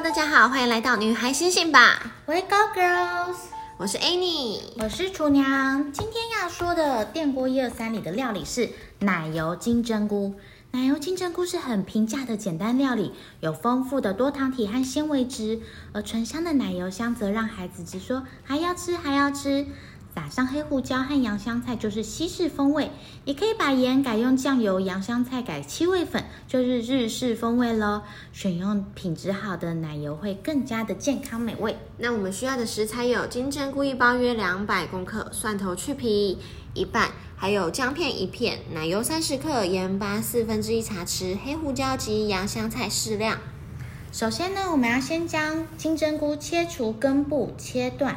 大家好，歡迎來到女孩星星吧。We Go Girls，我是 Annie，我是廚娘。今天要說的電鍋一二三裡的料理是奶油金針菇。奶油金針菇是很平價的簡單料理，有豐富的多糖體和纖維質，而醇香的奶油香則讓孩子直說還要吃，還要吃。打上黑胡椒和洋香菜就是西式風味，也可以把鹽改用醬油，洋香菜改七味粉，就是日式風味囉。選用品質好的奶油會更加的健康美味。那我們需要的食材有金針菇一包約兩百公克，蒜頭去皮一半，還有薑片一片，奶油三十克，鹽巴四分之一茶匙，黑胡椒及洋香菜適量。首先呢，我們要先將金針菇切除根部，切斷。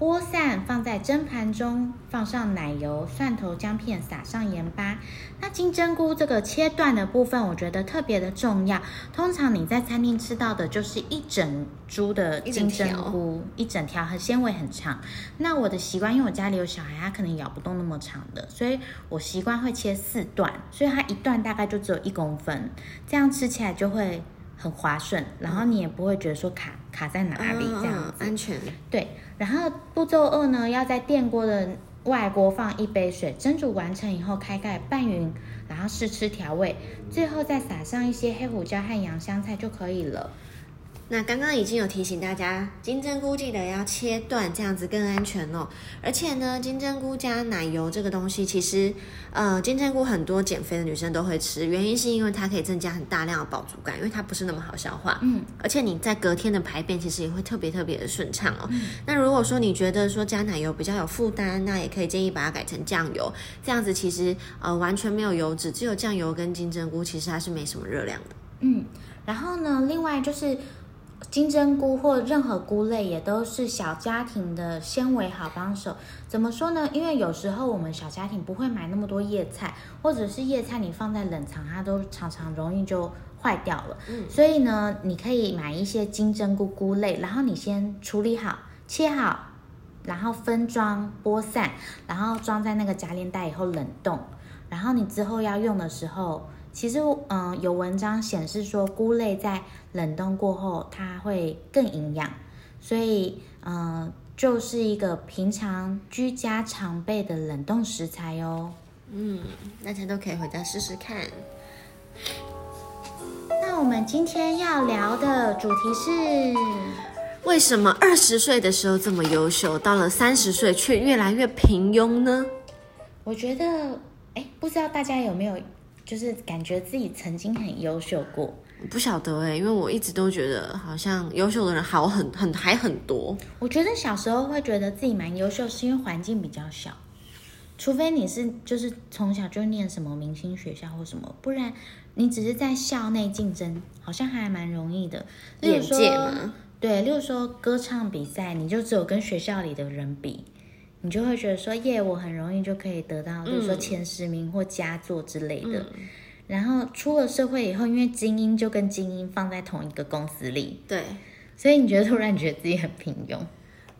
剝散放在蒸盤中，放上奶油、蒜頭、薑片，撒上鹽巴。那金針菇這個切段的部分，我覺得特別的重要。通常你在餐廳吃到的，就是一整株的金針菇，一整條，整條和纖維很長。那我的習慣，因為我家裡有小孩，他可能咬不動那麼長的，所以我習慣會切四段，所以它一段大概就只有一公分，這樣吃起來就會很滑順，然後你也不會覺得說卡。嗯卡在哪裡？這樣安全。對，然後步驟二呢，要在電鍋的外鍋放一杯水，蒸煮完成以後開蓋拌勻，然後試吃調味，最後再撒上一些黑胡椒和洋香菜就可以了。那剛剛已經有提醒大家，金針菇記得要切斷，這樣子更安全哦。而且呢，金針菇加奶油這個東西，其實，呃，金針菇很多減肥的女生都會吃，原因是因為它可以增加很大量的飽足感，因為它不是那麼好消化。嗯。而且你在隔天的排便其實也會特別特別的順暢哦。嗯。那如果說你覺得說加奶油比較有負擔，那也可以建議把它改成醬油，這樣子其實呃完全沒有油脂，只有醬油跟金針菇，其實它是沒什麼熱量的。嗯。然後呢，另外就是。金針菇或任何菇類也都是小家庭的纖維好幫手。怎麼說呢？因為有時候我們小家庭不會買那麼多葉菜，或者是葉菜你放在冷藏，它都常常容易就壞掉了。嗯，所以呢，你可以買一些金針菇菇類，然後你先處理好、切好，然後分裝、剝散，然後裝在那個夾鏈袋以後冷凍，然後你之後要用的時候。其實，嗯、呃，有文章顯示說，菇類在冷凍過後，它會更營養，所以，嗯、呃，就是一個平常居家常備的冷凍食材哦。嗯，大家都可以回家試試看。那我們今天要聊的主題是，為什麼二十歲的時候這麼優秀，到了三十歲卻越來越平庸呢？我覺得，哎，不知道大家有沒有？就是感覺自己曾經很優秀過，不曉得誒。因為我一直都覺得好像優秀的人好很很還很多。我覺得小時候會覺得自己蠻優秀，是因為環境比較小，除非你是就是從小就念什麼明星學校或什麼，不然你只是在校內競爭，好像還蠻容易的。眼界嗎？對，例如說歌唱比賽，你就只有跟學校裡的人比。你就會覺得說，耶，我很容易就可以得到，嗯、比如說前十名或佳作之類的，嗯。然後出了社會以後，因為精英就跟精英放在同一個公司裡，對，所以你覺得突然覺得自己很平庸。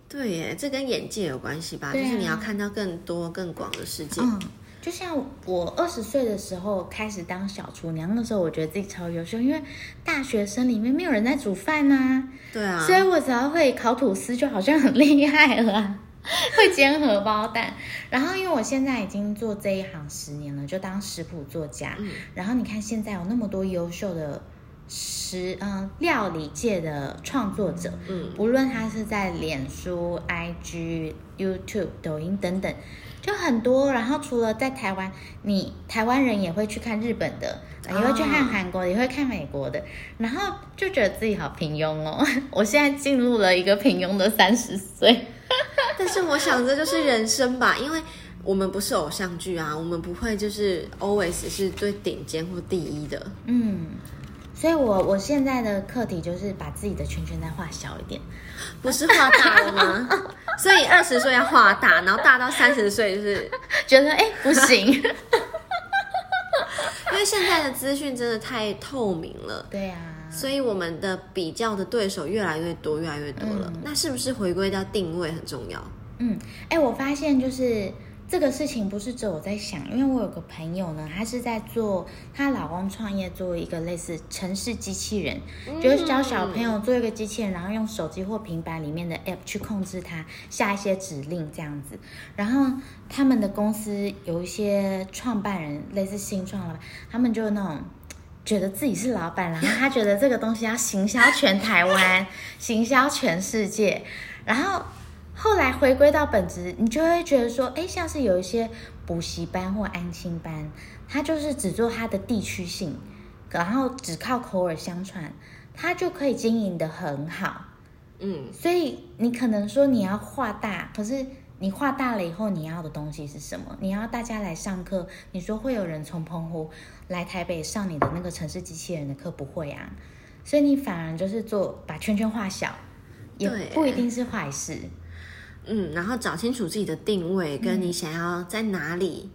對，耶，這跟眼界有關係吧，啊？就是你要看到更多更廣的世界。嗯，就像我二十歲的時候開始當小廚娘的時候，我覺得自己超優秀，因為大學生裡面沒有人在煮飯吶，啊。對啊。所以我只要會烤吐司，就好像很厲害了。會煎荷包蛋，然後因為我現在已經做這一行十年了，就當食譜作家。嗯、然後你看現在有那麼多優秀的食嗯料理界的創作者，嗯，無論他是在臉書、IG、YouTube、抖音等等，就很多。然後除了在台灣，你台灣人也會去看日本的，也會去看韓國、哦，也會看美國的，然後就覺得自己好平庸哦。我現在進入了一個平庸的三十歲。但是我想，這就是人生吧，因為我們不是偶像劇啊，我們不會就是 always 是最頂尖或第一的，嗯，所以我我現在的課題就是把自己的圈圈再畫小一點，不是畫大了嗎？ 所以二十歲要畫大，然後大到三十歲就是覺得哎、欸、不行， 因為現在的資訊真的太透明了，對呀、啊。所以我們的比較的對手越來越多，越來越多了，嗯。那是不是回歸到定位很重要？嗯，哎，欸，我發現就是這個事情，不是只有我在想，因為我有個朋友呢，她是在做她老公創業，做一個類似程式機器人，嗯，就是教小朋友做一個機器人，然後用手機或平板裡面的 app 去控制他下一些指令這樣子。然後他們的公司有一些創辦人，類似新創了，他們就是那種。覺得自己是老闆，然後他覺得這個東西要行銷全台灣， 行銷全世界，然後後來回歸到本質，你就會覺得說，哎，像是有一些補習班或安親班，他就是只做他的地區性，然後只靠口耳相傳，他就可以經營得很好，嗯，所以你可能說你要化大，可是。你畫大了以後，你要的東西是什麼？你要大家來上課，你說會有人從澎湖來台北上你的那個城市機器人的課，不會啊？所以你反而就是做把圈圈畫小，也不一定是壞事，對欸。嗯，然後找清楚自己的定位，跟你想要在哪裡。嗯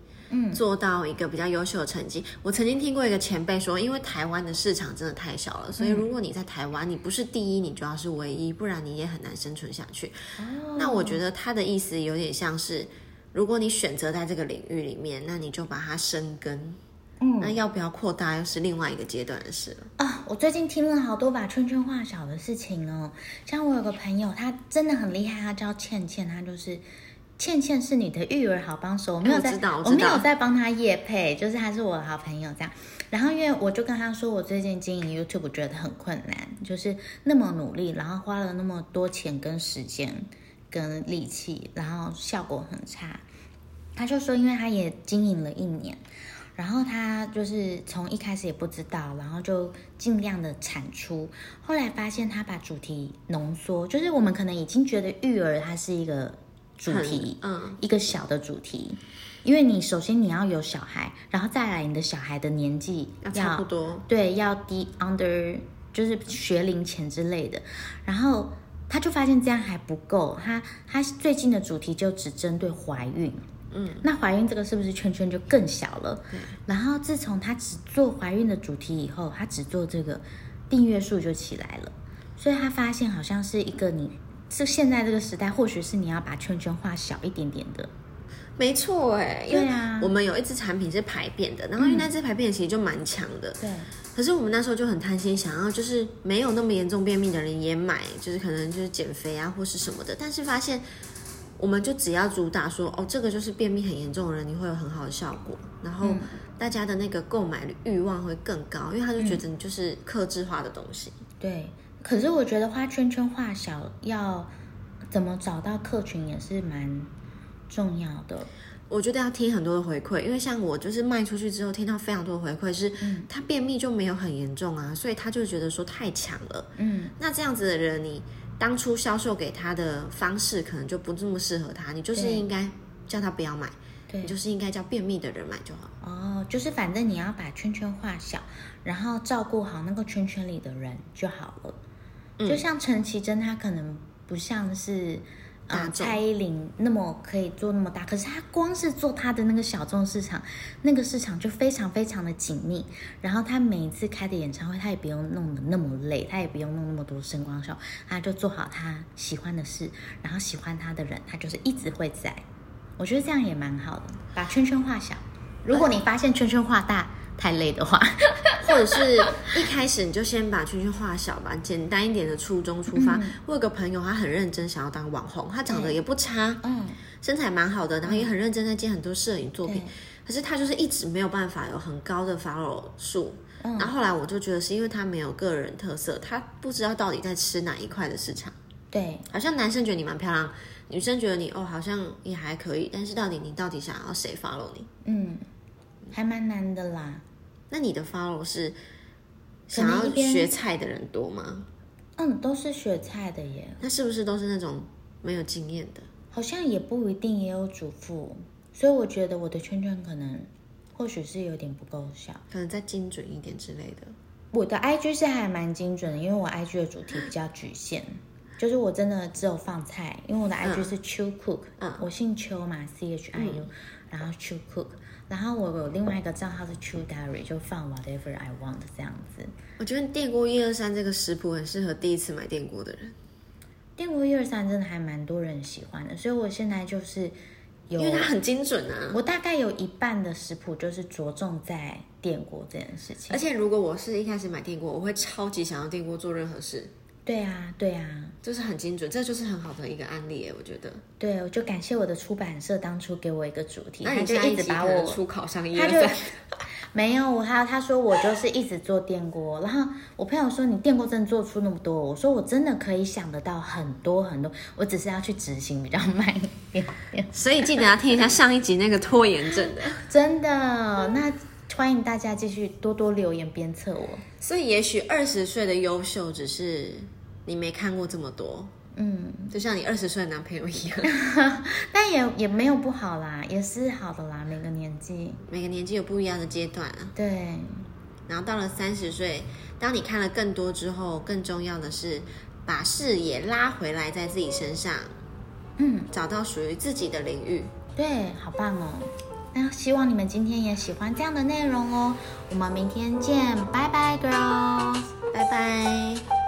做到一個比較優秀的成績。我曾經聽過一個前輩說，因為台灣的市場真的太小了，所以如果你在台灣，你不是第一，你就要是唯一，不然你也很難生存下去。哦、那我覺得他的意思有點像是，如果你選擇在這個領域裡面，那你就把它深耕、嗯。那要不要擴大，又是另外一個階段的事了。啊，我最近聽了好多把圈圈畫小的事情哦。像我有個朋友，他真的很厲害，他叫倩倩，他就是。倩倩是你的育兒好幫手，我沒有在，我，我，我沒有在幫她業配，就是她是我的好朋友這樣。然後，因為我就跟她說，我最近經營 YouTube 覺得很困難，就是那麼努力，然後花了那麼多錢跟時間跟力氣，然後效果很差。他就說，因為他也經營了一年，然後他就是從一開始也不知道，然後就盡量的產出。後來發現他把主題濃縮，就是我們可能已經覺得育兒它是一個。主題，嗯，一個小的主題，因為你首先你要有小孩，然後再來你的小孩的年紀要、啊、差不多，對，要低 under 就是學齡前之類的。然後他就發現這樣還不夠，他他最近的主題就只針對懷孕，嗯，那懷孕這個是不是圈圈就更小了？嗯、然後自從他只做懷孕的主題以後，他只做這個訂閱數就起來了，所以他發現好像是一個你。就現在這個時代，或許是你要把圈圈畫小一點點的沒錯。欸，沒錯哎，對啊。我們有一支產品是排便的，然後因為那支排便其實就蠻強的，對、嗯。可是我們那時候就很貪心，想要就是沒有那麼嚴重便秘的人也買，就是可能就是減肥啊或是什麼的。但是發現，我們就只要主打說哦，這個就是便秘很嚴重的人你會有很好的效果，然後大家的那個購買慾望會更高，因為他就覺得你就是客製化的東西，嗯、對。可是我覺得畫圈圈畫小要怎麼找到客群也是蠻重要的。我覺得要聽很多的回饋，因為像我就是賣出去之後聽到非常多的回饋是，嗯、他便秘就沒有很嚴重啊，所以他就覺得說太強了。嗯，那這樣子的人，你當初銷售給他的方式可能就不這麼適合他，你就是應該叫他不要買，對，你就是應該叫便秘的人買就好哦，就是反正你要把圈圈畫小，然後照顧好那個圈圈裡的人就好了。就像陳綺貞，她、嗯、可能不像是、呃、蔡依林那麼可以做那麼大，可是她光是做她的那個小眾市場，那個市場就非常非常的緊密。然後她每一次開的演唱會，她也不用弄得那麼累，她也不用弄那麼多聲光效，她就做好她喜歡的事。然後喜歡她的人，她就是一直會在。我覺得這樣也蠻好的，把圈圈畫小。如果你發現圈圈畫大，哎太累的話，或者是一開始你就先把圈圈畫小吧，簡單一點的初衷出發。我、嗯、有個朋友，他很認真想要當網紅，他長得也不差，嗯、身材蠻好的、嗯，然後也很認真在接很多攝影作品、嗯，可是他就是一直沒有辦法有很高的 follow 數、嗯。然後後來我就覺得是因為他沒有個人特色，他不知道到底在吃哪一塊的市場。對，好像男生覺得你蠻漂亮，女生覺得你哦好像也還可以，但是到底你到底想要誰 follow 你？嗯。還蠻難的啦，那你的 follow 是想要學菜的人多嗎？嗯，都是學菜的耶。那是不是都是那種沒有經驗的？好像也不一定，也有主婦。所以我覺得我的圈圈可能或許是有點不夠小，可能再精準一點之類的。我的 IG 是還蠻精準的，因為我 IG 的主題比較局限， 就是我真的只有放菜，因為我的 IG 是 Chiu Cook，、嗯、我姓邱嘛、嗯、，C H I U，然後 Chiu Cook。然後我有另外一個賬號是 True Diary，就放 Whatever I Want 這樣子。我覺得電鍋一二三這個食譜很適合第一次買電鍋的人。電鍋一二三真的還蠻多人喜歡的，所以我現在就是，有。因為它很精準啊。我大概有一半的食譜就是着重在電鍋這件事情。而且如果我是一開始買電鍋，我會超級想要電鍋做任何事。對啊，對啊，就是很精準，這就是很好的一個案例，我覺得。對，我就感謝我的出版社當初給我一個主題，那你就一直把我出考上一。院，就沒有我，他他說我就是一直做電鍋，然後我朋友說你電鍋真的做出那麼多，我說我真的可以想得到很多很多，我只是要去執行比較慢一點。所以記得要聽一下上一集那個拖延症的， 真的、嗯、那。歡迎大家繼續多多留言鞭策我。所以，也許二十歲的優秀，只是你沒看過這麼多。嗯，就像你二十歲的男朋友一樣， 但也也沒有不好啦，也是好的啦。每個年紀，每個年紀有不一樣的階段啊。對。然後到了三十歲，當你看了更多之後，更重要的是把視野拉回來在自己身上。嗯，找到屬於自己的領域。對，好棒哦。那希望你們今天也喜歡這樣的內容哦。我們明天見，拜拜，girl，拜拜。